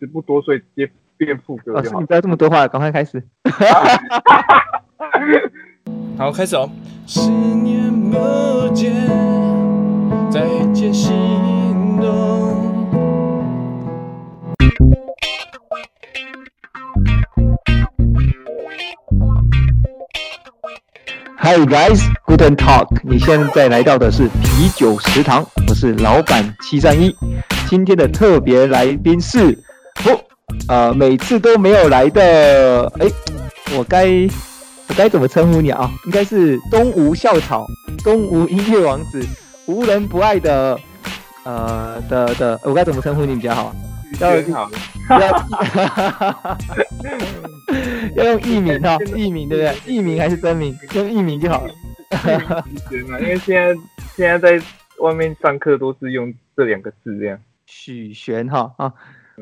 詞不多，所以變變副歌了。老、哦、你不要這麼多話，趕快開始。 好，開始哦。十年不見，再見心動。Hi guys, Guten Tag，你現在來到的是啤酒食堂，我是老闆七三一，今天的特別來賓是？不、哦，呃，每次都沒有來的。哎、欸，我該我該怎麼稱呼你啊？應該是東吳校草，東吳音樂王子，無人不愛的。呃的、的，我該怎麼稱呼你比較好？要要記， 要用藝名哈、啊，藝名對不對？藝名還是真名？用藝名就好了。哈哈哈，因為現在現在在外面上課都是用這兩個字這樣。許玄。哈啊。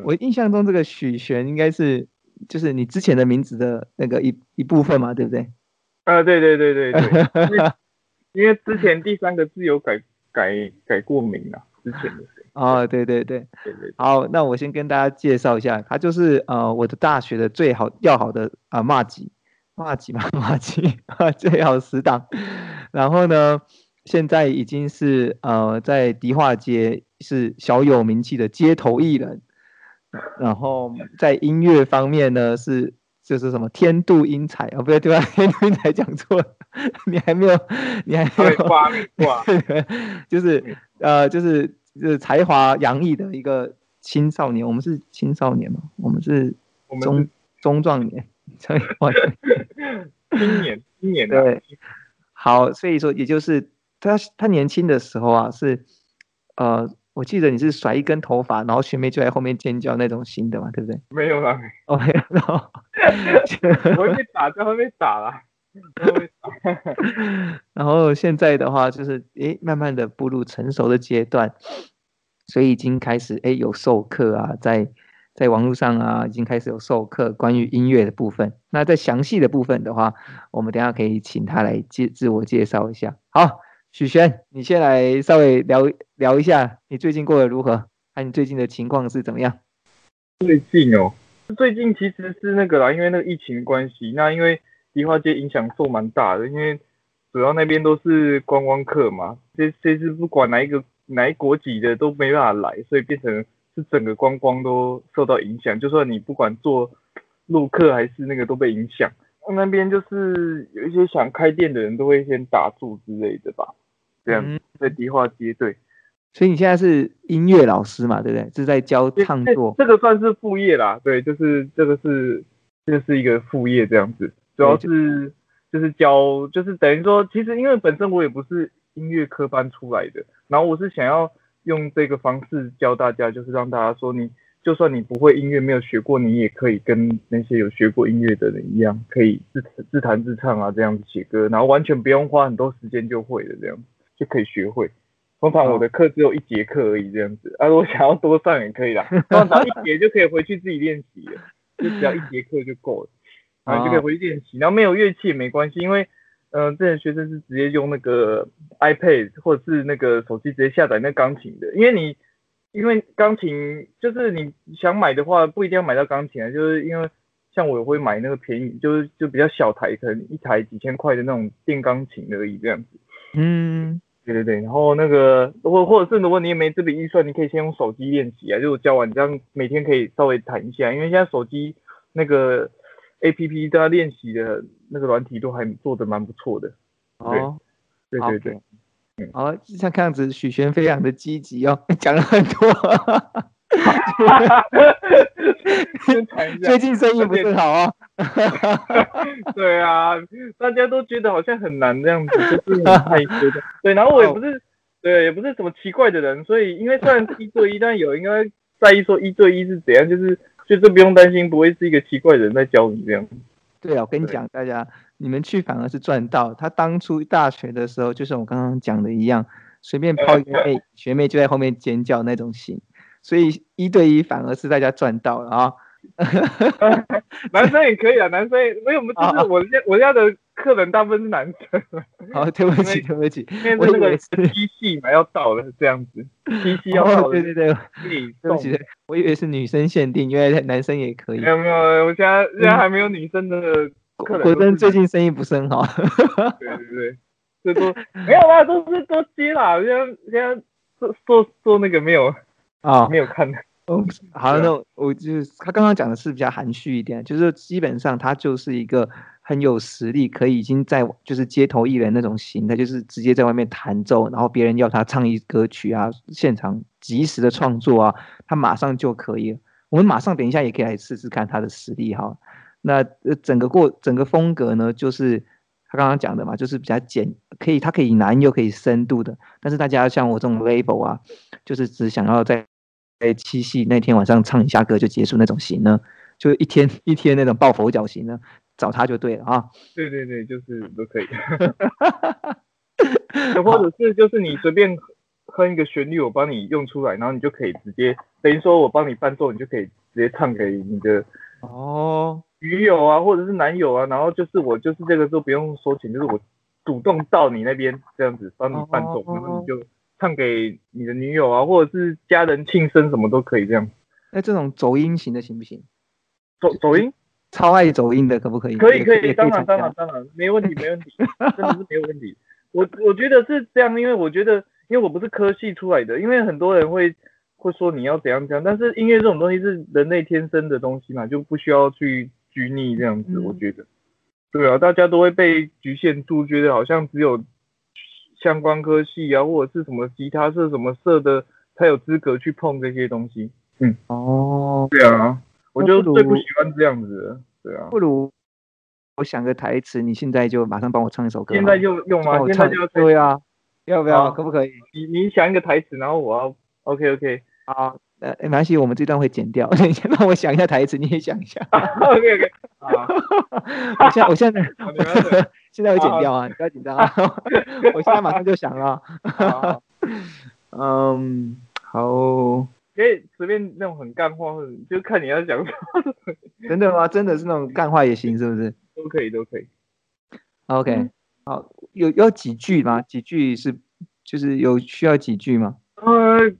我印象中，這個許玄應該是就是你之前的名字的那個一一部分嘛，對不對？啊、呃，對對對對對， 因為之前第三個字有改改改過名了，啊，之前的。啊、哦，對對對，對，對，對好，那我先跟大家介紹一下，他就是呃我的大學的最好要好的啊，麻吉麻吉嘛麻吉，最好死黨。然後呢，現在已經是呃在迪化街是小有名氣的街頭藝人。然後在音樂方面呢，是就是什麼天妒英才啊、哦？不對，對吧？天妒英才講錯了。你還沒有，你還沒有你 就是呃，就是、就是才華洋溢，的一個青少年。我們是青少年嘛？我們是中們是中壯年，所 以年青年對，好，所以說也就是他他年輕的時候啊，是呃。我記得你是甩一根頭髮，然後學妹就在後面尖叫那種型的嘛，對不對？沒有啦，OK。然後我被打在後面打了。然後現在的話，就是誒，慢慢的步入成熟的階段，所以已經開始誒有授課啊，在在網路上啊，已經開始有授課關於音樂的部分。那在詳細的部分的話，我們等下可以請他來介自我介紹一下。好。許玄，你先來稍微聊聊一下你最近過得如何，看你最近的情況是怎麼樣？最近哦，最近其實是那個啦，因為那個疫情關係，那因為迪化街影響受蠻大的，因為主要那邊都是觀光客嘛，這這是不管哪一個哪一個國籍的都沒辦法來，所以變成是整個觀光都受到影響。就算你不管做陸客還是那個都被影響，那邊就是有一些想開店的人都會先打住之類的吧。這樣在迪化街，對，所以你現在是音樂老師嘛，對不對？是在教創作，這個算是副業啦，對，就是這個是這、就是一個副業這樣子，主要是就是教，就是等於說，其實因為本身我也不是音樂科班出來的，然後我是想要用這個方式教大家，就是讓大家說，你就算你不會音樂，沒有學過，你也可以跟那些有學過音樂的人一樣，可以自自彈自唱啊，這樣子寫歌，然後完全不用花很多時間就會的這樣。就可以學會。通常我的課只有一節課而已這樣子，哦、啊，我想要多上也可以啦。通常一節就可以回去自己練習 就只要一節課就夠了，然、哦啊、就可以回去練習。然後沒有樂器也沒關係，因為，嗯、呃，這些學生是直接用那個 iPad 或者是那個手機直接下載那鋼琴的。因為你，因為鋼琴就是你想買的話，不一定要買到鋼琴，啊，就是因為像我會買那個便宜，就是就比較小台，可能一台幾千塊的那種電鋼琴而已這樣子。嗯。對對對，然後那個，或或者是如果你也沒這筆預算，你可以先用手機練習啊，就教完你這樣每天可以稍微彈一下，因為現在手機那個 APP 都要練習的那個軟體都還做得蠻不錯的。對哦對，對對對，好，對好好像看樣子許玄非常的積極哦，講了很多。 最近生意不是好啊？ 對啊，大家都覺得好像很難這樣子，就是、對。然後我也不是，對，也不是什麼奇怪的人，所以因為雖然是一對一，但有應該在意說一對一是怎樣，就是就是不用擔心，不會是一個奇怪的人在教你這樣對。對啊，我跟你講，大家你們去反而是賺到。他當初大學的時候，就是我剛剛講的一樣，隨便拋一個哎，學妹就在後面尖叫那種型。所以一對一反而是大家賺到了啊、哦！ 男生也可以啊，男生也因為什麼？就是我家、啊、我家的客人大部分是男生。好、啊，對不起，對不起，我因為是那個機器還要到了，這樣子，機器要到了。 對對對，對不起，我以為是女生限定，因為男生也可以。沒有沒有，我家、嗯、現在還沒有女生的客人，可能最近生意不是很好。對對對，這都沒有啊，都是都接了，現在現在做做做那個沒有。啊、哦，沒有看 哦。好，那我，我就他剛剛講的是比較含蓄一點，就是基本上他就是一個很有實力，可以已經在就是街頭藝人那種型，他就是直接在外面彈奏，然後別人要他唱一歌曲啊，現場即時的創作啊，他馬上就可以了。我們馬上等一下也可以來試試看他的實力哈。那整個過整個風格呢，就是。他剛剛講的嘛，就是比較簡，可以他可以難又可以深度的，但是大家像我這種 label 啊，就是只想要在七夕那天晚上唱一下歌就結束那種型呢，就一天一天那種抱佛腳型呢，找他就對了啊。對對對，就是都可以。 有或者是就是你隨便哼一個旋律，我幫你用出來，然後你就可以直接，等於說我幫你伴奏，你就可以直接唱給你的。哦。女友啊，或者是男友啊，然後就是我，就是這個時候不用收錢，就是我主動到你那邊這樣子幫你伴奏，哦哦，然後你就唱給你的女友啊，或者是家人慶生什麼都可以這樣。那這種走音型的行不行？走走音，超愛走音的可不可以？可以可以，可以當然當然當然沒問題沒問題，沒問題 真的是沒有問題。我我覺得是這樣，因為我覺得因為我不是科系出來的，因為很多人會會說你要怎樣怎樣，但是音樂這種東西是人類天生的東西嘛，就不需要去。拘泥這樣子，我覺得、嗯，對啊，大家都會被局限住，覺得好像只有相關科系啊，或者是什麼吉他社、什麼社的，才有資格去碰這些東西。嗯，哦，對啊，我就最不喜歡這樣子。對啊，不如我想個台詞，你現在就馬上幫我唱一首歌。現在就用嗎？現在就要，對啊，要不要？可不可以？你你想一個台詞，然後我要，OK OK，好。呃，沒關係，我們這段會剪掉。等一下，那我想一下台詞，你也想一下。 啊、OK OK。 啊哈哈！現在我現在、啊我啊，現在我剪掉啊，你不要緊張啊，啊。我現在馬上就想啊。 嗯，好。可以隨便那種很幹話，或者就看你要講什麼。真的嗎？真的是那種幹話也行，是不是？都可以，都可以。OK，、嗯、好，有要幾句嗎？幾句是就是有需要幾句嗎？呃、嗯。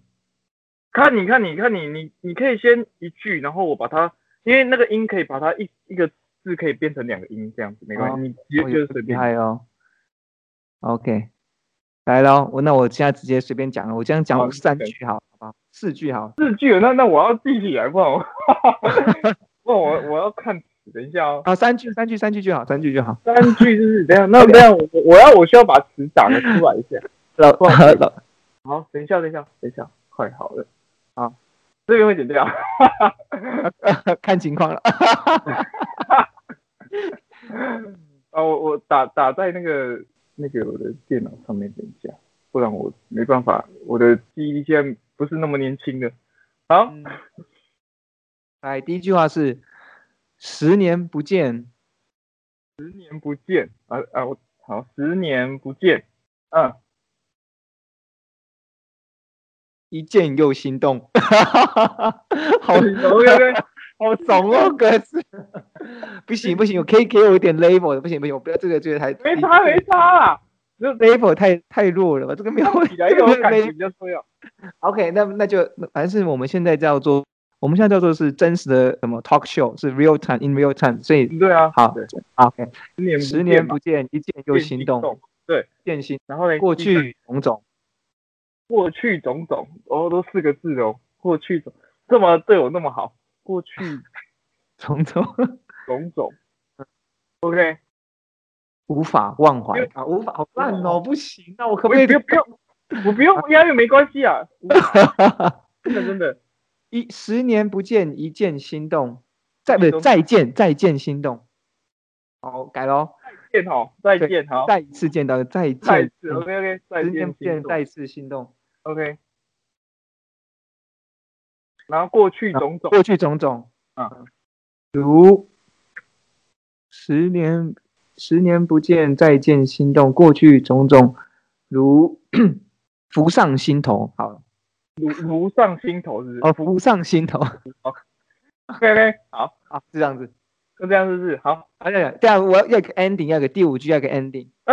看,你看,你看你，你看，你看，你你你可以先一句，然後我把它，因為那個音可以把它一一個字可以變成兩個音，這樣子沒關係，哦、你直接、哦、隨便厲害哦。OK，來嘍，我那我現在直接隨便講了，我這樣講我三句好，哦、句好吧？四句好，四句，那那我要自己來問，問我 那我,我要看，等一下哦。啊、哦，三句，三句，三句就好，三句就好、是，三句就是這樣。那這樣我我要我需要把詞打出來一下， 老老好，等一下，等一下，等一下，快好了。啊，這邊會剪掉，啊、看情況了。 啊，我我打打在那個那個我的電腦上面等一下，不然我沒辦法，我的記憶力現在不是那麼年輕的。好，來、嗯、第一句話是十年不見，十年不見，啊啊，我好，十年不見，啊。一見又心動， 好牛，嗯嗯嗯、 好慫爽哦，哥 格式！不行不行，可以給我一點 level 的，不行不行，我不要這個這個太。沒差沒差、啊，label 這 level 太太弱了吧？這個沒有問題啊，因為我感情比較重要。OK，那那就，反正是我們現在叫做，我們現在叫做是真實的什麼 talk show，是 real time in real time，所以對啊，好,好 o、okay, 十年不見,年不見一見又心動，動對，見心，然後呢，過去種種,種。過去種種哦，都四個字哦。過去種這麼對我那麼好，過去種種種種， 種，種，OK，無法忘懷啊，無法好爛哦，不行、喔，那我可不可以不用？我不用，我不又、啊、沒關係啊。真的 真的，一十年不見，一見心動。再不、呃、再見，再見心動。好，改嘍。再見好、喔，再見好。再一次見到，再見再次。OK OK，再見，嗯、見，再一次心動。OK，然後過去種種、啊，過去種種，啊，如十年十年不見，再見心動。過去種種如浮上心頭，好，如如上心頭是不是？哦，浮上心頭，好 okay，，OK，好好是這樣子，就這樣是不是？好，好、啊，這樣我要個 ending，要個第五句要個 ending。啊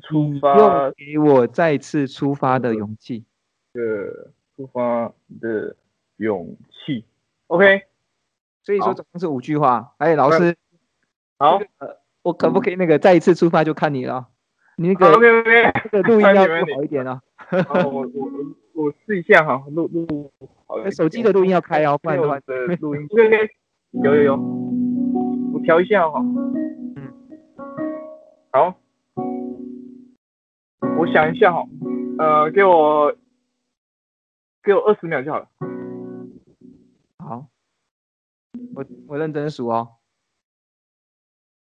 出發，給我再次出發的勇氣。的出發的勇氣。OK。所以說總共是五句話。哎，欸、老師好、這個，好，我可不可以那個再一次出發就看你了？你那個錄、okay, okay 這個、錄音要好一點啊。 我試一下哈，錄錄。手機的錄音要開啊，不然的話的錄音。對有有有，我調一下哈。嗯，好。我想一下哈，呃，給我給我二十秒就好了。好，我我認真數哦。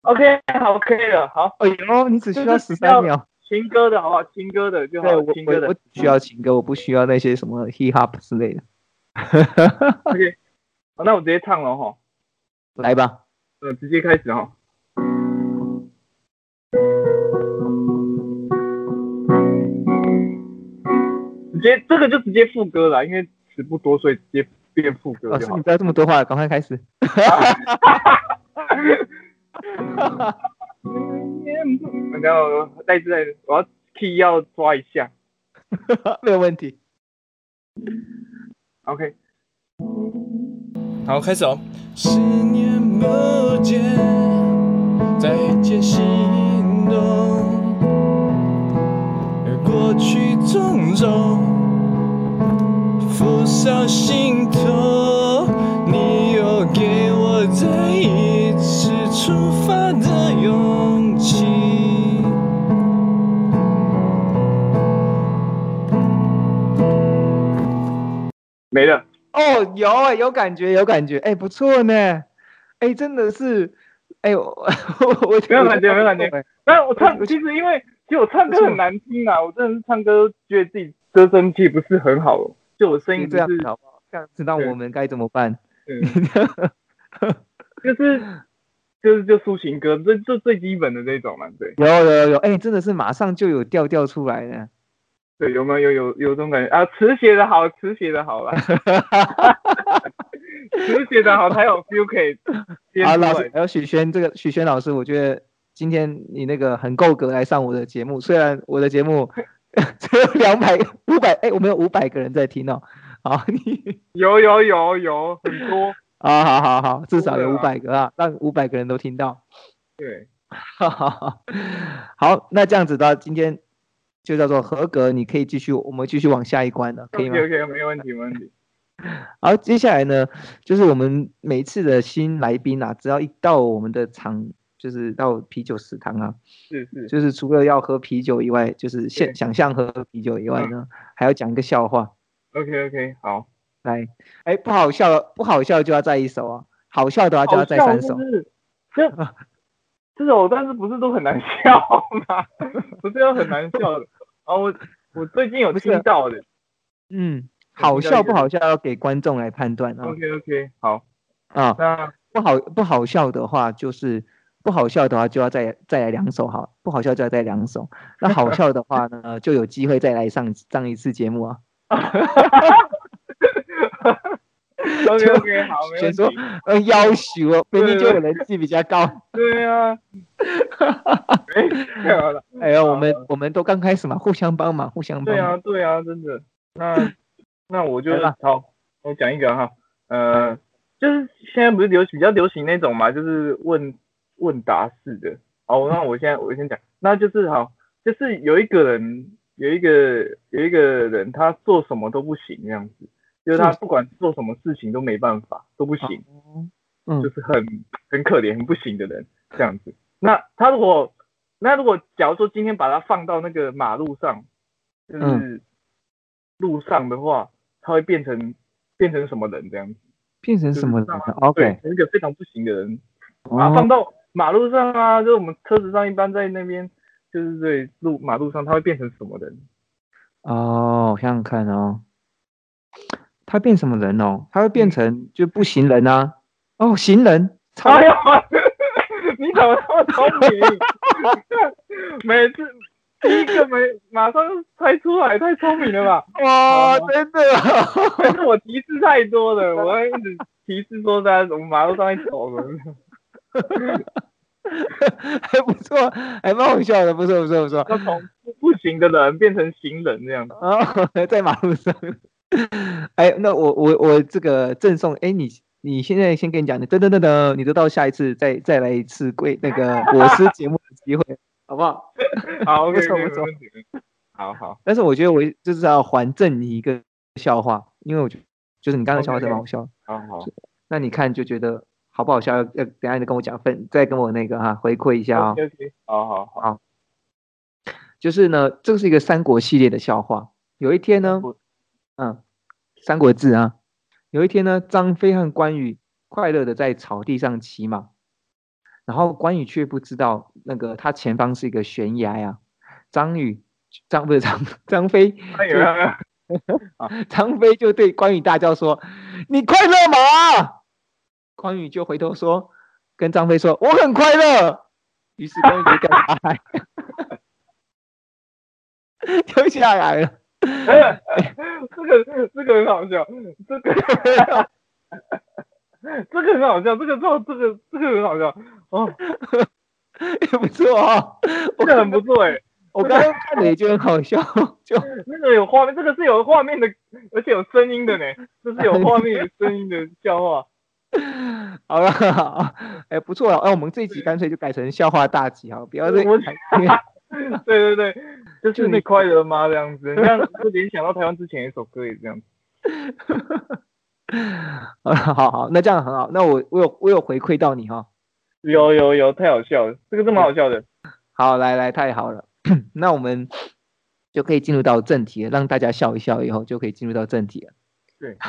OK，好，可、okay、以了，好。哎呦，你只需要十三秒。情歌的好吧好？情歌的就好。對，我我情歌的我只需要情歌，我不需要那些什麼 hip hop 之類的。 OK，好，那我直接唱了哈。來吧，呃、嗯，直接開始哈。 直接這個就直接副歌了，因為詞不多，所以直接變副歌就好了。老、哦，你不要這麼多話，趕快開始。哈哈哈哈哈！哈哈哈哈哈！等下，再進來，我要 key 要抓一下。 沒有問題。OK。好，開始哦。過去種種，浮上心頭。你又給我再一次出發的勇氣。沒了。哦，有、欸、有感覺，有感覺，哎、欸，不錯呢，哎、欸，真的是，哎、欸、呦，沒有感覺，沒有感覺，有、啊，我唱，其實因為。就我唱歌很難聽啊！我真的是唱歌，覺得自己歌聲氣不是很好。就我聲音不是這樣子好不好，知道我們該怎麼辦？ 就是、就是就是就抒情歌，這這最基本的那種嘛。對，有有有哎、欸，真的是馬上就有調調出來了。對，有沒有有有，有這種感覺啊？詞寫的好，詞寫的好啦？詞 寫 的好，還有 f u n k e 好老師，還有許玄這個許玄老師，我覺得。今天你那個很夠格來上我的節目，雖然我的節目只有兩百五百，哎，我們有五百個人在聽哦。好，你有有有有很多啊，哦，好好好，至少有五百個啊，啦。讓五百個人都聽到。對，好好好。好，那這樣子到今天就叫做合格，你可以繼續，我們繼續往下一關了，可以嗎？OK OK，沒問題，沒問題。好，接下來呢，就是我們每一次的新來賓啊，只要一到我們的場。就是到啤酒食堂啊，是是，就是除了要喝啤酒以外，就是現想想像喝啤酒以外呢，還要講一個笑話。OK OK，好，來，哎、欸，不好笑，不好笑就要再一首啊，好笑的話就要再三首。就是、這，這首但是不是都很難笑嗎？ 不是都很難笑的啊、哦？我我最近有聽到的，嗯，好笑不好笑要給觀眾來判斷啊。OK OK，好啊，那不好不好笑的話就是。不好笑的話，就要再再來兩首好，不好笑就要再兩首。那好笑的話呢， 就有機會再來上上一次節目啊。哈哈哈哈哈！哈哈，先說呃要求，明明就我能力比較高。 對呀對對。哈哈哈哈哈！太好了，哎呀，我們 我們都剛開始嘛，互相幫忙，互相。對呀、啊，對呀、啊，真的。那那我就啊， 我講一個哈，呃，就是現在不是流行比較流行那種嘛，就是問。問答式的，哦，那我現在我先講，那就是好，就是有一個人，有一個有一個人，他做什麼都不行這樣子，就是他不管做什麼事情都沒辦法，都不行，是就是很、嗯、很可憐，很不行的人這樣子。那他如果那如果假如說今天把他放到那個馬路上，就是路上的話，他會變成變成什麼人這樣子？變成什麼人？就是嗯、對，一個非常不行的人，啊，把他放到。嗯馬路上啊，就我們車子上一般在那邊，就是對路馬路上，它會變成什麼人？哦，我想想看哦，他變什麼人哦？他會變成就不行人啊？嗯、哦，行人，哎呀你怎麼那麼聰明？ 每次第一個沒馬上猜出來，太聰明了吧？哇，呃、真的、啊，但是我提示太多了，我會一直提示說在我們馬路上面走人。 還不錯，還蠻好笑的，不錯不錯不錯。那從不行的人變成行人這樣的。啊、哦，在馬路上。哎，那我我我這個贈送，哎，你你現在先跟你講，你等等等等，你得到下一次再再來一次貴那個我是節目的機會， 好不好？好，不錯不錯。好好，但是我覺得我就是要還贈你一個笑話，因為我覺得就是你剛剛的笑話真蠻、okay, 好笑。好、okay, 哦、好。那你看就覺得。好不好笑？呃，等下你跟我講，分再跟我那個哈、啊、回饋一下啊、哦 okay, okay。好好好，就是呢，這是一個三國系列的笑話。有一天呢，嗯，《三國志》啊，有一天呢，張飛和關羽快樂的在草地上騎馬，然後關羽卻不知道那個他前方是一個懸崖呀、啊。張宇張不是張張飛，張、啊啊、 飛就對關羽大叫說：“你快樂嗎？關羽就回頭說：“跟張飛說，我很快樂。於他來”於是關羽跟張飛跳下來了、欸。欸、 這個這個很好笑，這個很好笑，這個這個這個很好笑，這個這個、很好笑哦，也不錯啊，真的很不錯哎。我剛剛看的也就很好笑，就那個有畫面，這個是有畫面的，而且有聲音的呢，這是有畫面有聲音的笑話。 好了，好了，哎、欸，不錯了，哎、欸，我們這一集乾脆就改成笑話大集哈，不要對。我 對對對，就是你快樂嗎？這樣子，你就聯想到台灣之前一首歌也這樣子。 好，好好，那這樣很好，那我我有我有回饋到你哈、哦。有有有，太好笑了，這個是蠻好笑的。 好，來來，太好了， 那我們就可以進入到正題，讓大家笑一笑以後就可以進入到正題了。對。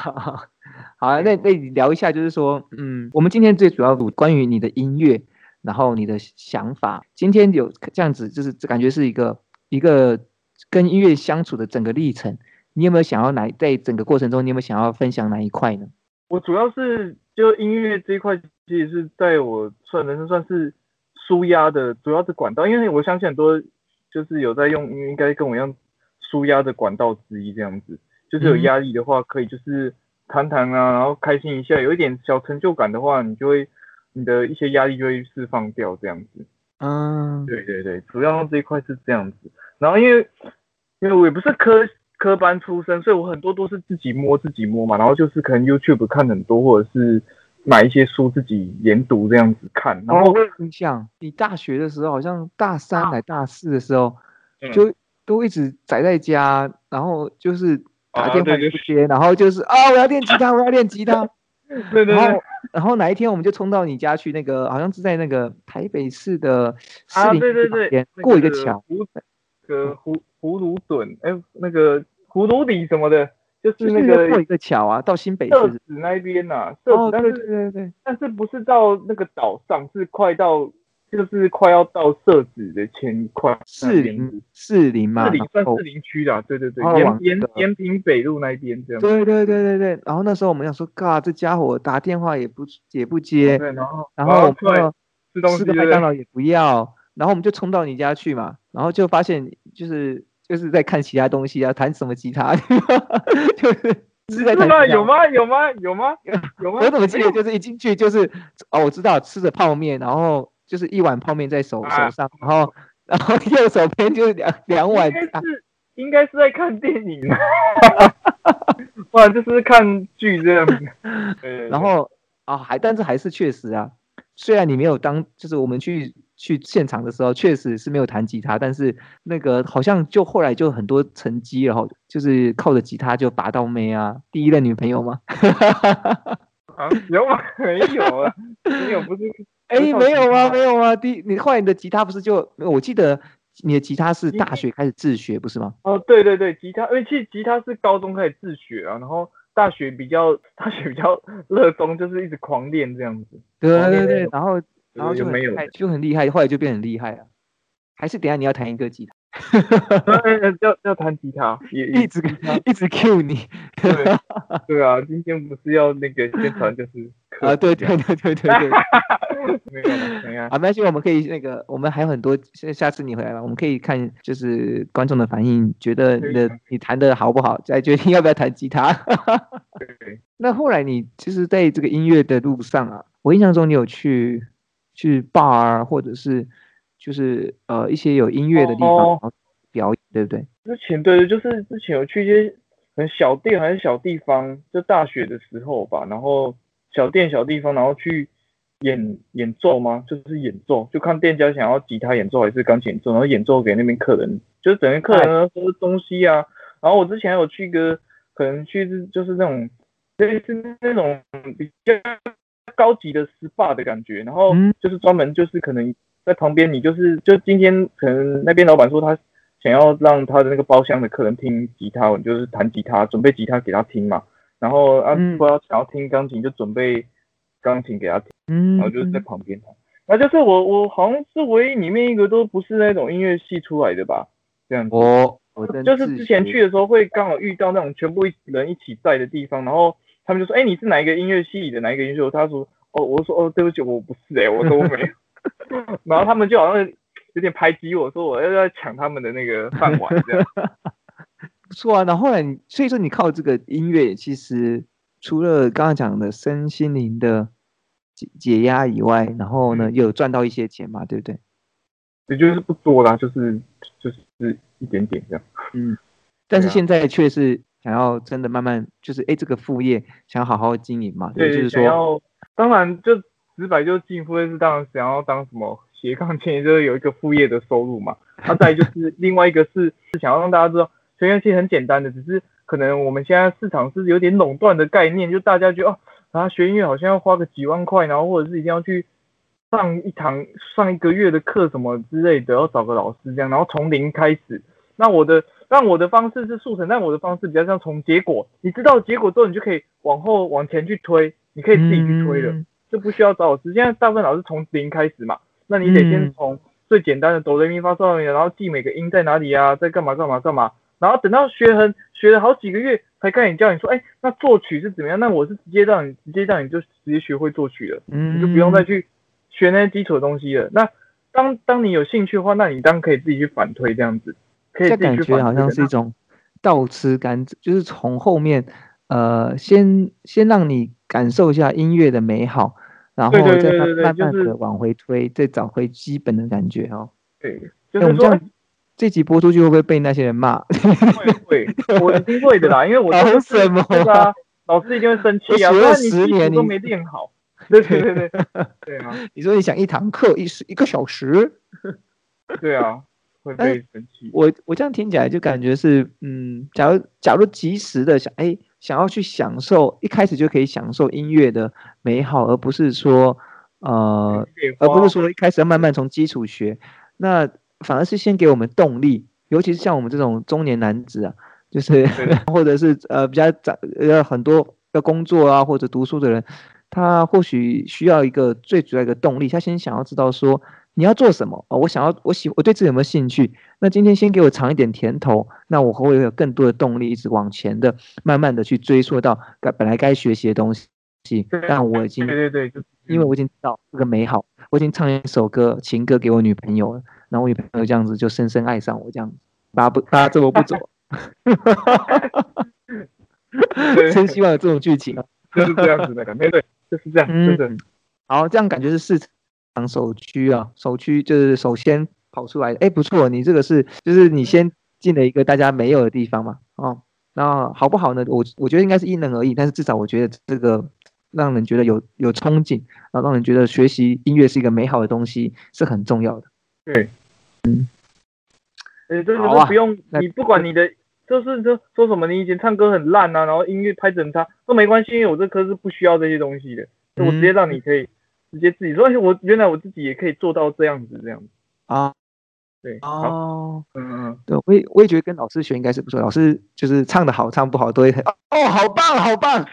好啊，那那聊一下，就是說，嗯，我們今天最主要是關於你的音樂，然後你的想法，今天有這樣子，就是感覺是一個一個跟音樂相處的整個歷程。你有沒有想要來，在整個過程中，你有沒有想要分享哪一塊呢？我主要是就音樂這一塊，其實是在我算能算是舒壓的，主要是管道，因為我相信很多就是有在用，應該跟我一樣舒壓的管道之一，這樣子就是有壓力的話，可以就是。談談啊，然後開心一下，有一點小成就感的話，你就會你的一些壓力就會釋放掉，這樣子。嗯，對對對，主要這一塊是這樣子。然後因為因為我也不是科科班出身，所以我很多都是自己摸自己摸嘛，然後就是可能 YouTube 看很多，或者是買一些書自己研讀這樣子看。然後我會很像，你大學的時候好像大三來大四的時候，啊嗯、就都一直宅在家，然後就是。打電話不接、啊，然後就是啊、哦，我要練吉他， 我要練吉他。然後，然後哪一天我們就衝到你家去？那個好像是在那個台北市的啊，對對對，過一個橋，呃、那個，個葫蘆筍，那個葫蘆里、嗯那個、什麼的，就是那個、就是、過一個橋啊，到新北市。那邊吶、啊，社、哦、對對對，但是不是到那個島上，是快到。就是快要到社子的前一塊士林，士林嘛，士林。算士林區的，對對對，延延延平北路那一邊這樣。對，對對對對對，然後那時候我們想說，嘎，這家伙打電話也不也不接，對，對，然後然後、哦、吃東西麥當勞也不要，然後我們就衝到你家去嘛，然後就發現就是就是在看其他東西啊，彈什麼吉他， 就是是在彈吉他有嗎？有嗎？有嗎？有嗎？有嗎？有嗎？有嗎？ 我怎麼記得就是一進去就是有哦，我知道吃着泡麵，然後。就是一碗泡麵在手手上，啊、然後然後右手邊就兩兩碗應，應該是在看電影啊， 哇，就是看劇這樣。 然後啊，還但是還是確實啊，雖然你沒有當，就是我們去去現場的時候，確實是沒有彈吉他，但是那個好像就後來就很多成績，然後就是靠着吉他就拔到妹啊，第一任女朋友嗎？ 啊，有嗎？沒有、啊，沒有不是。哎、欸，沒有啊，沒有啊。第，你後來你的吉他不是就，我記得你的吉他是大學開始自學，不是嗎？哦，對對對，吉他，因為其實吉他是高中開始自學啊，然後大學比較，大學比較熱衷，就是一直狂練這樣子。對、啊、對對，嗯、然後然後就有沒有，就很厲害，後來就變很厲害了。還是等一下你要彈一個吉他。 要要彈吉他，也一直一直 Q 你 對。對啊，今天不是要那個現場，就是 啊，對對對對對 沒關係，沒關係。啊，沒關係，我們可以那個，我們還有很多下下次，你回來了，我們可以看就是觀眾的反應，覺得你的你彈的好不好，再決定要不要彈吉他。 對。 那後來你其實在這個音樂的路上啊，我印象中你有去去 bar 或者是。就是呃一些有音樂的地方，哦、然後表演對不對？之前對的，就是之前有去一些很小店還是小地方，就大學的時候吧，然後小店小地方，然後去演演奏嗎？就是演奏，就看店家想要吉他演奏還是鋼琴演奏，然後演奏給那邊客人，就是等於客人收東西啊、哎。然後我之前有去一個可能去就是那種就是那種比較高級的 SPA 的感覺，然後就是專門就是可能。在旁邊，你就是就今天可能那邊老闆說他想要讓他的那個包廂的客人聽吉他，你就是彈吉他，準備吉他給他聽嘛。然後啊，如果想要聽鋼琴，就準備鋼琴給他聽。嗯，然後就是在旁邊彈、嗯。那就是我我好像是唯一裡面一個都不是那種音樂系出來的吧？這樣子我我就是之前去的時候會剛好遇到那種全部人一起在的地方，然後他們就說，哎、欸，你是哪一個音樂系的哪一個音樂？他說，哦，我說，哦，對不起，我不是哎、欸，我說我沒有。 然後他們就好像有點排擠我，說我要要搶他們的那個飯碗這樣。 不錯啊，然後後來，所以說你靠這個音樂，其實除了剛剛講的身心靈的解解壓以外，然後呢又賺到一些錢嘛，對不對？也就是不多啦，就是就是一點點這樣。嗯，但是現在卻是想要真的慢慢就是哎、欸、這個副業想好好經營嘛，對對，就是說當然就。直白就是進副業是當然想要當什麼斜槓青年，就是有一個副業的收入嘛。那、 啊、再就是另外一個是想要讓大家知道，學樂器很簡單的，只是可能我們現在市場是有點壟斷的概念，就大家覺得、哦、啊學音樂好像要花個幾萬塊，然後或者是一定要去上一堂上一個月的課什麼之類的，要找個老師這樣，然後從零開始。那我的讓我的方式是速成，但我的方式比較像從結果，你知道結果之後，你就可以往後往前去推，你可以自己去推的。嗯.就不需要找我。現在大部分老師從零開始嘛，那你得先從最簡單的哆來咪發嗦來咪，然後記每個音在哪裡啊，在幹嘛幹嘛幹嘛。然後等到學很學了好幾個月，才開始教你說，哎，那作曲是怎麼樣？那我是直接讓你直接讓你就直接學會作曲了，嗯，嗯，你就不用再去學那些基礎的東西了。那當當你有興趣的話，那你當然可以自己去反推這樣子，可以自己去反推。這感覺好像是一種倒吃甘蔗，就是從後面呃，先先讓你。感受一下音樂的美好，然後再慢慢的往回推，對對對對就是，再找回基本的感覺哦，對，就是說哎，我們這樣這集播出去會不會被那些人罵？會， 我一定會的啦，因為我，啊、什麼啊？是啊老師已經生氣、啊、我，十年你都沒練好。對對對對，對啊！你說你想一堂課一一，一個小時？對啊，會被生氣。哎，我我這樣聽起來就感覺是，嗯，假如假如即時的想，哎。想要去享受，一開始就可以享受音樂的美好，而不是說，呃，而不是說一開始要慢慢從基礎學，那反而是先給我們動力。尤其是像我們這種中年男子啊，就是，對對對，或者是呃比較早，呃很多要工作啊或者讀書的人，他或許需要一個最主要一個動力，他先想要知道說。你要做什麼啊？我想要，我喜，我對自己有沒有興趣？那今天先給我嘗一點甜頭，那我會會有更多的動力，一直往前的，慢慢的去追溯到該本來該學習的東西。但我已經對對對、就是，因為我已經知道這個美好。我已經唱一首歌情歌給我女朋友了，然後我女朋友這樣子就深深愛上我，這樣大家不大家這麼不走，真 希望有這種劇情，就是這樣子的感覺， 對，就是這樣，就、嗯、是好，這樣感覺是事場。首區啊，首區就是首先跑出來哎，不錯，你這個是就是你先進了一個大家沒有的地方嘛。哦，那好不好呢？我我覺得應該是因人而異，但是至少我覺得這個讓人覺得有有憧憬，然後讓人覺得學習音樂是一個美好的東西是很重要的。對，嗯，呃，這個不用、啊，你不管你的，就是說說什麼，你以前唱歌很爛啊，然後音樂拍子很差，都沒關係，因為我這課是不需要這些東西的，所以我直接讓你可以。嗯直接自己說，我原來我自己也可以做到這樣子，這樣子啊，對哦，嗯嗯，對我也我也覺得跟老師學應該是不錯，老師就是唱得好，唱不好都會很哦，好棒，好棒，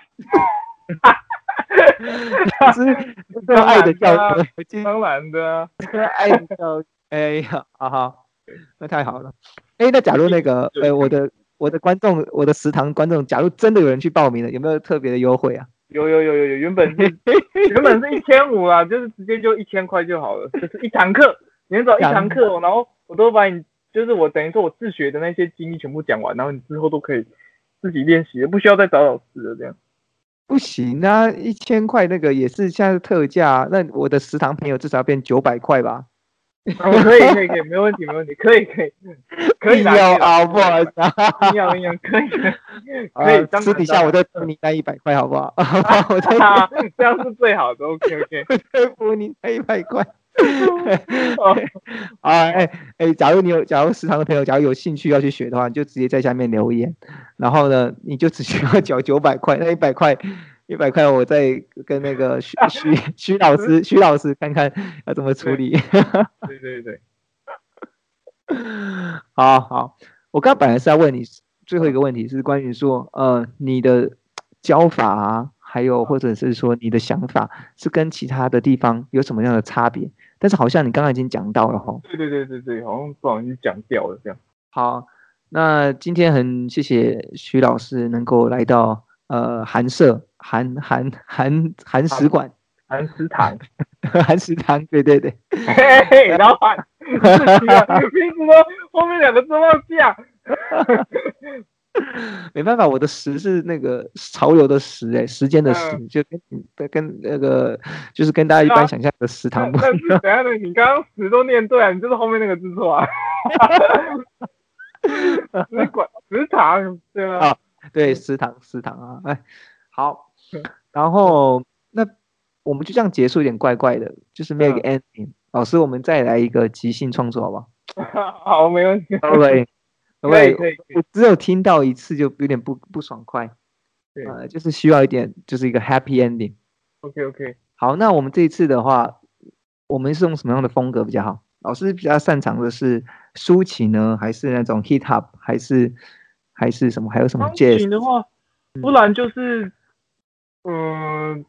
老師，這愛的教，我今晚的，這 愛的教， 哎，好好，那太好了，哎，那假如那個呃，我的我的觀眾，我的食堂觀眾，假如真的有人去報名了，有沒有特別的優惠啊？有有有有有，原本是 原本是一千五啊， 就是直接就一千塊就好了，就是一堂課，連找一堂課。哦，然後我都把你就是我等於說我自學的那些經歷全部講完，然後你之後都可以自己練習，也不需要再找老師了。這樣。不行啊，一千塊那個也是現在特價。啊，那我的食堂朋友至少要變九百塊吧。 oh, 可以可以可以，沒問題沒問題，可以可以可以。你不、啊？你要你要可以可以。私底下 我再補你那一百塊好不好？好、 啊，這樣是最好的。 OK OK，再補你那一百塊。好 哎、oh. 哎，哎，假如你有，假如食堂的朋友，假如有興趣要去學的話，你就直接在下面留言。然後呢，你就只需要交九百塊，那一百塊。一百塊，我再跟那個許許許老師，許老師看看要怎麼處理。對對對、對 好，好好，我剛本來是要問你最後一個問題是關於說，呃，你的教法啊，還有或者是說你的想法是跟其他的地方有什麼樣的差別？但是好像你剛剛已經講到了哈。對對對對對，好像不小心講掉了這樣。好，那今天很謝謝許老師能夠來到呃寒舍。韓韓韓韓食館，韓食堂，韓 食堂，對對對。嘿嘿，老、啊、板，哈、 啊、你什麼？後面兩個字忘記啊？ 沒辦法，我的“食”是那個潮流的“食”，時間的時“食、啊，就跟跟那個，就是跟大家一般想象的食堂不一樣。等下你剛剛“食”都念對、啊、你就是後面那個字錯啊。 食，食堂對嗎？對，食堂食堂啊，哎，好。然後那我們就這樣結束有點怪怪的，就是沒有個 ending。Uh, 老師，我們再來一個即興創作好不好？ 好，沒問題。OK，OK，、okay, okay, okay, 我只有聽到一次就有點不不爽快，對、呃，就是需要一點，就是一個 happy ending。OK OK，好，那我們這一次的話，我們是用什麼樣的風格比較好？老師比較擅長的是抒情呢，還是那種 hip hop，還是還是什麼？還有什麼 Jazz,、嗯？抒情的話，不然就是。嗯，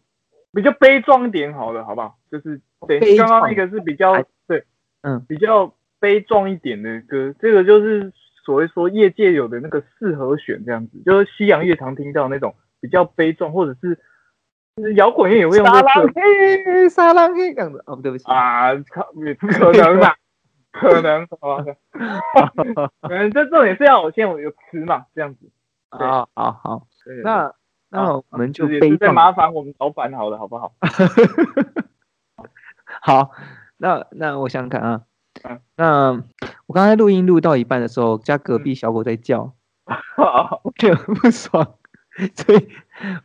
比較悲壯一點好了，好不好？就是對，剛剛那個是比較對，嗯，比較悲壯一點的歌，這個就是所謂說業界有的那個四和弦這樣子，就是西洋樂常聽到的那種比較悲壯，或者是搖滾也會有用沙拉嘿沙拉嘿這樣子。哦，對不起啊，可可能吧、啊，可能好吧哈， 可能就、啊 嗯、重點是要我先有詞嘛，這樣子。啊，好好,好，那。那我們就再麻煩我們老闆好了，好不好？ 好，那那我想想看啊。嗯、那我剛才錄音錄到一半的時候，家隔壁小狗在叫，我、嗯、覺 很不爽，所以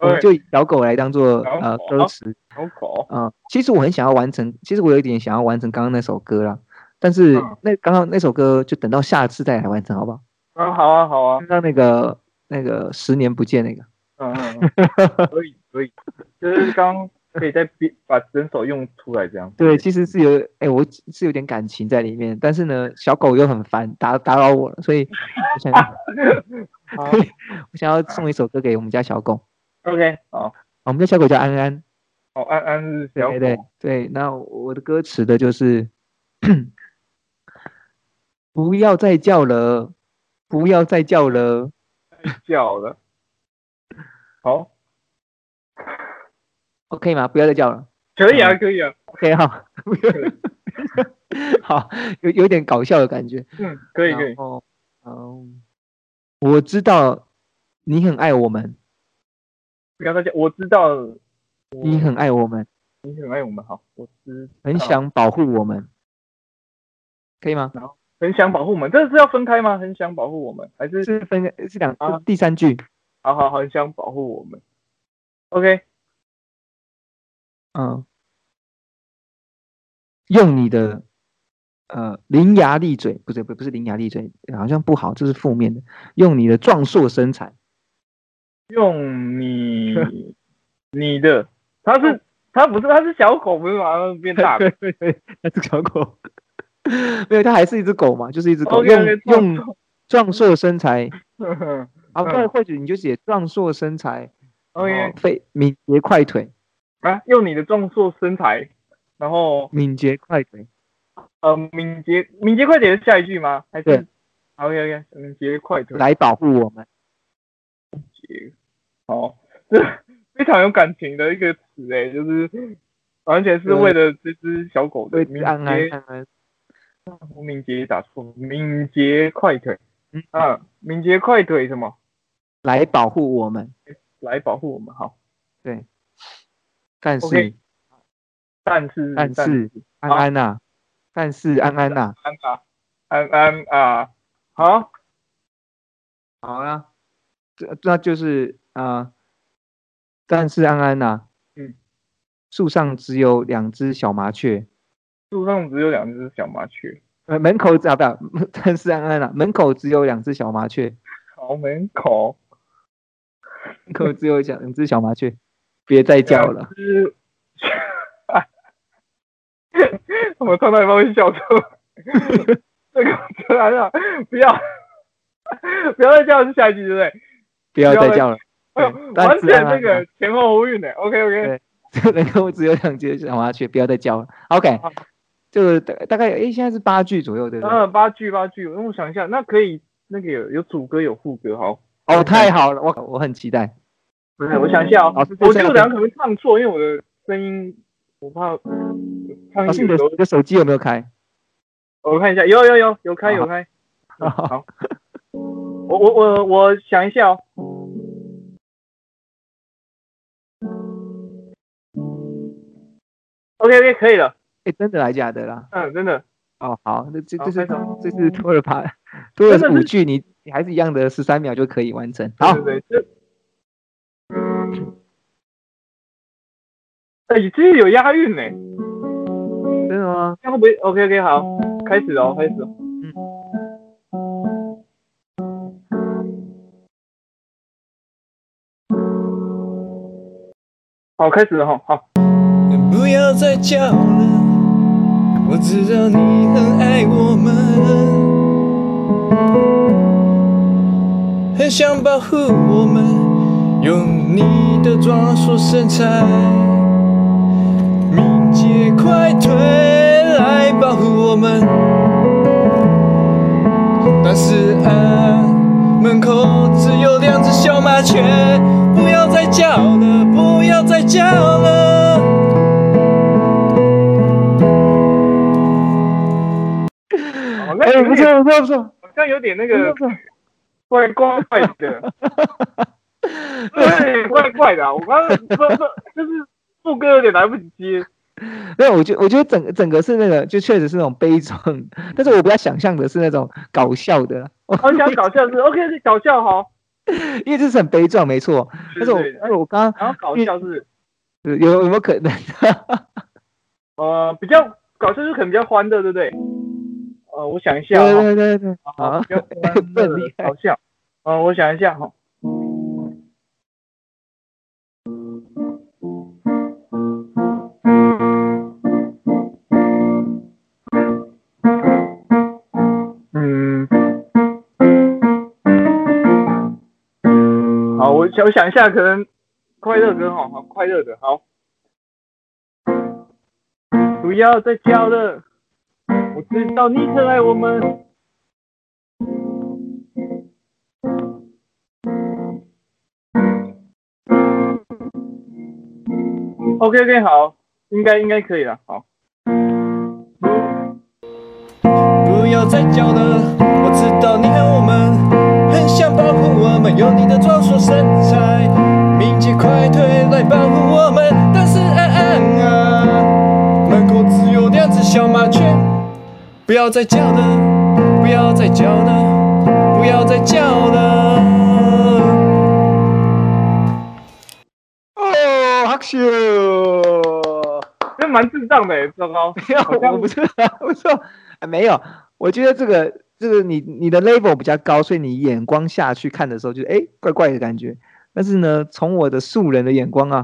我們就以小狗來當作、Okay. 呃歌詞。小狗啊，其實我很想要完成，其實我有一點想要完成剛剛那首歌啦。但是那、嗯、剛剛那首歌就等到下次再來完成，好不好？嗯，好啊，好啊，那那個那個十年不見那個。 嗯，可以可以，就是剛可以再把整首用出來這樣。對，對其實是有哎、欸，我是有點感情在裡面，但是呢，小狗又很煩，打打擾我了，所以我想， 好 我想要送一首歌給我們家小狗。OK，好，好，我們家小狗叫安安。哦，安安是小狗。對對，對，那我的歌詞的就是 不要再叫了，不要再叫了，叫了。好、oh.，OK 嗎？不要再叫了。可以啊，oh. 可以啊。OK 哈、huh? 可以， 好，有有點搞笑的感覺。嗯，可以可以。哦，我知道你很愛我們。不要再叫，我知道我你很愛我們。你很愛我們，好，我知。很想保護我們，啊、可以嗎？很想保護我們，這是要分開嗎？很想保護我們，還是是分是兩？啊、第三句。好好好，你想保護我們？OK，嗯，用你的呃伶牙俐嘴，不對，不是伶牙俐嘴、欸，好像不好，這是負面的。用你的壯碩身材，用你 你的，它是它、哦、不是它是小狗，不會馬上變大，它 是小狗， 沒有，它還是一只狗嘛，就是一只狗，用、okay, okay, 用。用壯碩身材，好、 啊，再或者你就寫壯碩身材。O.K. 飛敏捷快腿，來、啊、用你的壯碩身材，然後敏捷快腿。呃，敏捷敏捷快腿是下一句嗎？還是？對。O.K. O.K. 敏捷快腿來保護我們。敏捷，哦，這非常有感情的一個詞誒、欸，就是完全是為了這只小狗的。對，對敏安來安安安。我敏捷也打錯了，敏捷快腿。嗯、啊，敏捷快腿什麼？來保護我們，來保護我們，好，對。但是，OK、但是，但是，但是啊、安安吶、啊，但是安安吶、啊，安，安啊，安安啊，好，好啊，這這就是啊、呃，但是安安吶、啊，嗯，樹上只有兩隻小麻雀，樹上只有兩隻小麻雀。門口咋，但是安安門口只有兩隻小麻雀。好，門口門口只有兩隻、只小麻雀，別再叫了。我剛才你笑不要、 這個、不要，不要再叫了，是下一句對不對？不要再叫了，哎、嗯、呦，完全那個前後呼應、欸。OK OK，門口只有兩隻小麻雀，不要再叫了。OK。就是大概哎，現在是八句左右對吧、哦？八句八句，那我想一下，那可以那個有有主歌有副歌，好，哦，太好了，我我很期待、嗯，我想一下哦，我這兩可能唱錯，因為我的聲音，我怕唱音、哦。是這手機有沒有開？我看一下，有有有有開有開，哦有開哦、好， 我我我我想一下哦，OK OK 可以了。哎、欸，真的還、啊、是假的啦？嗯，真的。哦，好，那這這是這是托爾帕，這五句，你你還是一樣的十三秒就可以完成。好，對，對，對，就哎，這、欸、有押韻呢。真的嗎？o、OK, k OK，好，開始嘍，開始。嗯。好，開始了，好、嗯。不要再叫了。我知道你很愛我們，很想保護我們，用你的壯碩身材、敏捷快腿來保護我們。但是啊，門口只有兩隻小麻雀，不要再叫了，不要再叫了。不錯，不錯，不錯。好像有點那個，怪怪怪的。 對，怪怪的、啊、我剛剛說說， 就是副歌有點來不及接。沒有，我覺我覺得整個整個是那個，就確實是那種悲壯。但是我比較想象的是那種搞笑的。我好想搞笑是 OK，是搞笑哈， 因為這是很悲壯，沒錯。是但是我、哎、我剛剛然後搞笑是，有有，有沒有可能的？ 呃，比較搞笑就是可能比較歡樂，對不對？我想一下哈，對對對好好，更厲 害，哦，我想一下哈，嗯，好，我 我想一下，可能快樂的哈，好快樂的，好，不 要再叫了。知道你很愛我們。OK OK 好，應該應該可以了。好，不要再叫了。我知道你很愛我們，很想保護我們。有你的專屬身材，敏捷快腿來保護我們。不要再叫了！不要再叫了！不要再叫了！哦，阿修，這蠻智障的，糟糕！沒有，好像我不是，不是。沒有。我覺得這個這個你你的 level 比較高，所以你眼光下去看的時候就，就哎，怪怪的感覺。但是呢，從我的素人的眼光啊，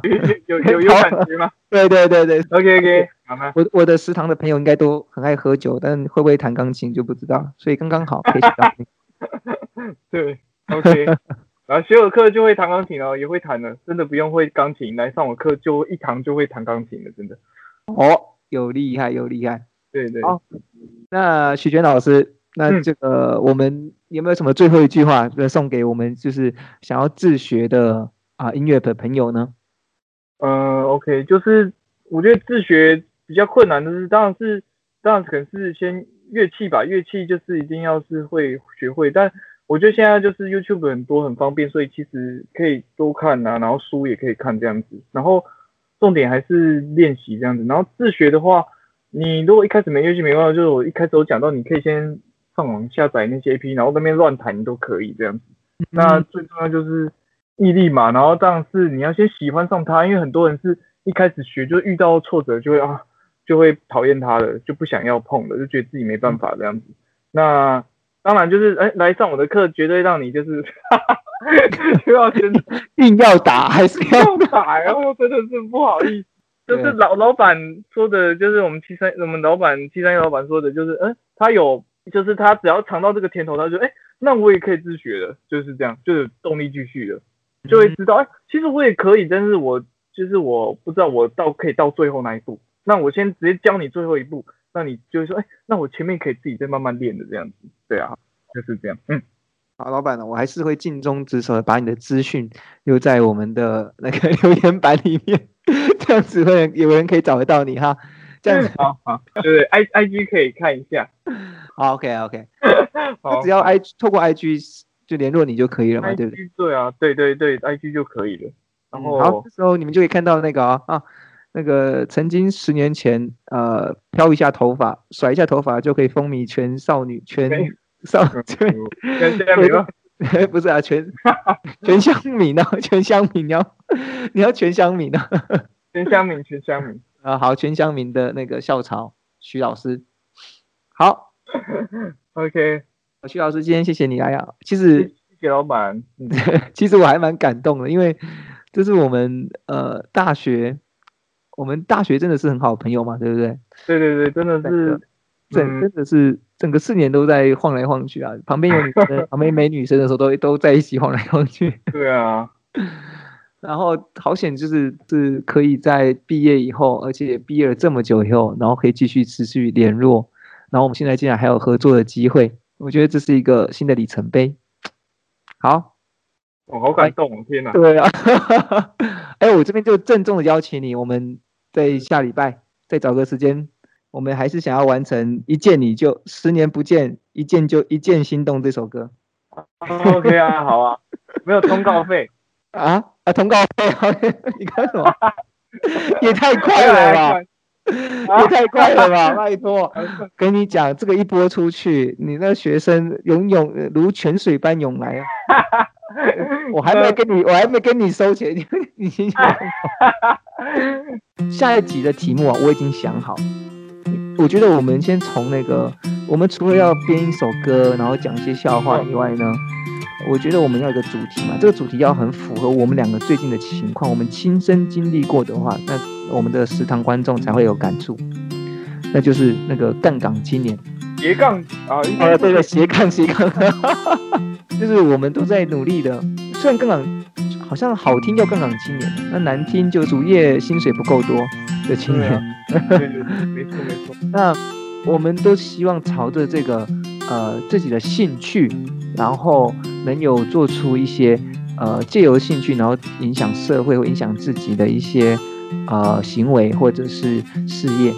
有有有感覺嗎？ 對對對對，OK OK，我我的食堂的朋友應該都很愛喝酒，但會不會彈鋼琴就不知道，所以剛剛好可以當。 對，OK，然後學我課就會彈鋼琴了。哦， 也會彈了，真的不用會鋼琴來上我課，就一堂就會彈鋼琴了，真的。哦，有厲害有厲害，對對。那許玄老師。那這個我們有沒有什麼最後一句話，呃，送給我們就是想要自學的啊音樂的朋友呢？呃、嗯、，OK，、嗯、就是我覺得自學比較困難的是，當然是當然可能是先樂器吧，樂器就是一定要是會學會。但我覺得現在就是 YouTube 很多很方便，所以其實可以多看啊，然後書也可以看這樣子。然後重點還是練習這樣子。然後自學的話，你如果一開始沒樂器沒辦法，就是我一開始有講到，你可以先。上網下載那些 A P P，然後那邊亂彈都可以這樣子、嗯。那最重要就是毅力嘛，然後但是你要先喜歡上它，因為很多人是一開始學就遇到挫折就、啊，就會啊就會討厭它的，就不想要碰了，就覺得自己沒辦法這樣子。嗯、那當然就是哎、欸、來上我的課，絕對讓你就是哈哈要先， 硬要打，還是要,要打，然後我真的是不好意思。就是老老板說的，就是我們七三，我們老板七三一老板說的，就是哎、欸、他有。就是他只要嘗到這個甜頭，他就哎、欸，那我也可以自學的，就是這樣，就是動力繼續的，就會知道哎、欸，其實我也可以，但是我就是我不知道我到可以到最後那一步，那我先直接教你最後一步，那你就是說哎、欸，那我前面可以自己再慢慢練的這樣子，對啊，就是這樣，嗯，好，老闆呢，我還是會盡忠職守的，把你的資訊留在我們的那個留言板裡面，這樣子會有人可以找得到你哈。好 好，對 I IG 可以看一下，好，ok ok， 好，只要 i 透過 IG 就聯絡你就可以了嘛，對不對？IG，對啊，對對對，IG 就可以了。然、嗯、後好，這 時候你們就可以看到那個啊、哦、啊，那個曾經十年前呃，飄一下頭髮，甩一下頭髮就可以風靡全少女圈，全少女不是啊，全全香米呢？全香米你要你要全香米呢？全香米，全香米。啊，好，全鄉民的那個校草許老師，好，OK，許老師，今天謝謝你哎呀。其實謝謝老闆、嗯，其實我還蠻感動的，因為這是我們呃大學，我們大學真的是很好朋友嘛，對不對？對對對，真的是，嗯、整真的是整個四年都在晃來晃去啊，旁邊有女生， 旁邊沒女生的時候都都在一起晃來晃去。對啊。然後好險就是是可以在畢業以後，而且畢業了這麼久以後，然後可以繼續持續聯絡，然後我們現在竟然還有合作的機會，我覺得這是一個新的里程碑。好，我、哦、好感動、哎，天哪！對啊， 哎，我這邊就鄭重的邀請你，我們在下禮拜再找個時間，我們還是想要完成一見你就十年不見，一見就一見心動這首歌。 OK 啊，好啊， 沒有通告費啊？啊，通告費、啊、你幹什麼？ 也太快了吧！ 也太快了吧！ 太了吧 拜托，跟你講，這個一播出去，你那學生湧湧如泉水般湧來。 我,我,還 我還沒跟你，我還沒跟你收錢，你你先下。 下一集的題目啊，我已經想好。我覺得我們先從那個，我們除了要編一首歌，然後講一些笑話以外呢。我覺得我們要一個主題嘛，這個主題要很符合我們兩個最近的情況，我們親身經歷過的話，那我們的食堂觀眾才會有感觸。那就是那個“槓桿青年”斜槓啊，對對，斜槓斜槓，就是我們都在努力的。雖然槓桿好像好聽叫“槓桿青年”，那難聽就主業薪水不夠多的青年。沒錯、啊、對對對沒錯。沒錯 那我們都希望朝着這個呃自己的興趣。然後能有做出一些，呃，借由興趣然後影響社會或影響自己的一些，呃，行為或者是事業。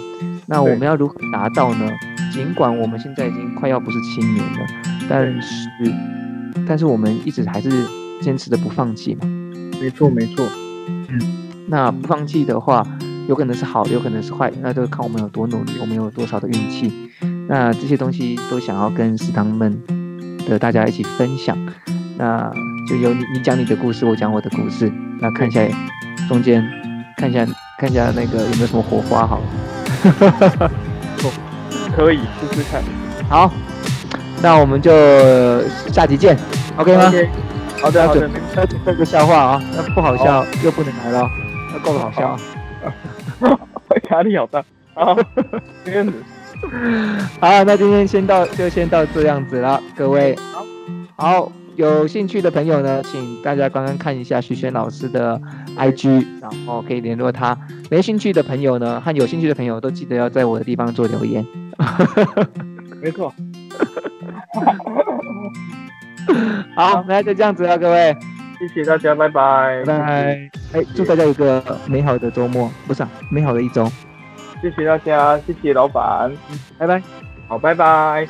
那我們要如何達到呢？儘管我們現在已經快要不是青年了，但是，但是我們一直還是堅持的不放棄嘛。沒錯，沒錯嗯。嗯，那不放棄的話，有可能是好，有可能是壞，那就看我們有多努力，我們有多少的運氣。那這些東西都想要跟食堂們。和大家一起分享，那就由你你講你的故事，我講我的故事，那看一下中間，看一下看一下那個有沒有什麼火花好了，好，錯，可以試試看，好，那我們就下集見 okay.，OK 嗎？好、okay, 的、okay, okay,，好、okay, 的、okay.，那 個笑話啊、哦，那不好笑、哦、又不能來了，那夠好，不好笑、哦，壓 力好大，啊， 真的。 好，那今天先到就先到這樣子了，各位好。好，有興趣的朋友呢，請大家剛剛看,看一下許玄老師的 IG，然後可以聯絡他。沒興趣的朋友呢，和有興趣的朋友都記得要在我的地方做留言。 沒錯。 好，那就這樣子了，各位。謝謝大家，拜拜。拜。哎、欸，祝大家一個美好的周末，不是、啊、美好的一周。謝謝大家，謝謝老闆，嗯，拜拜，好，拜拜。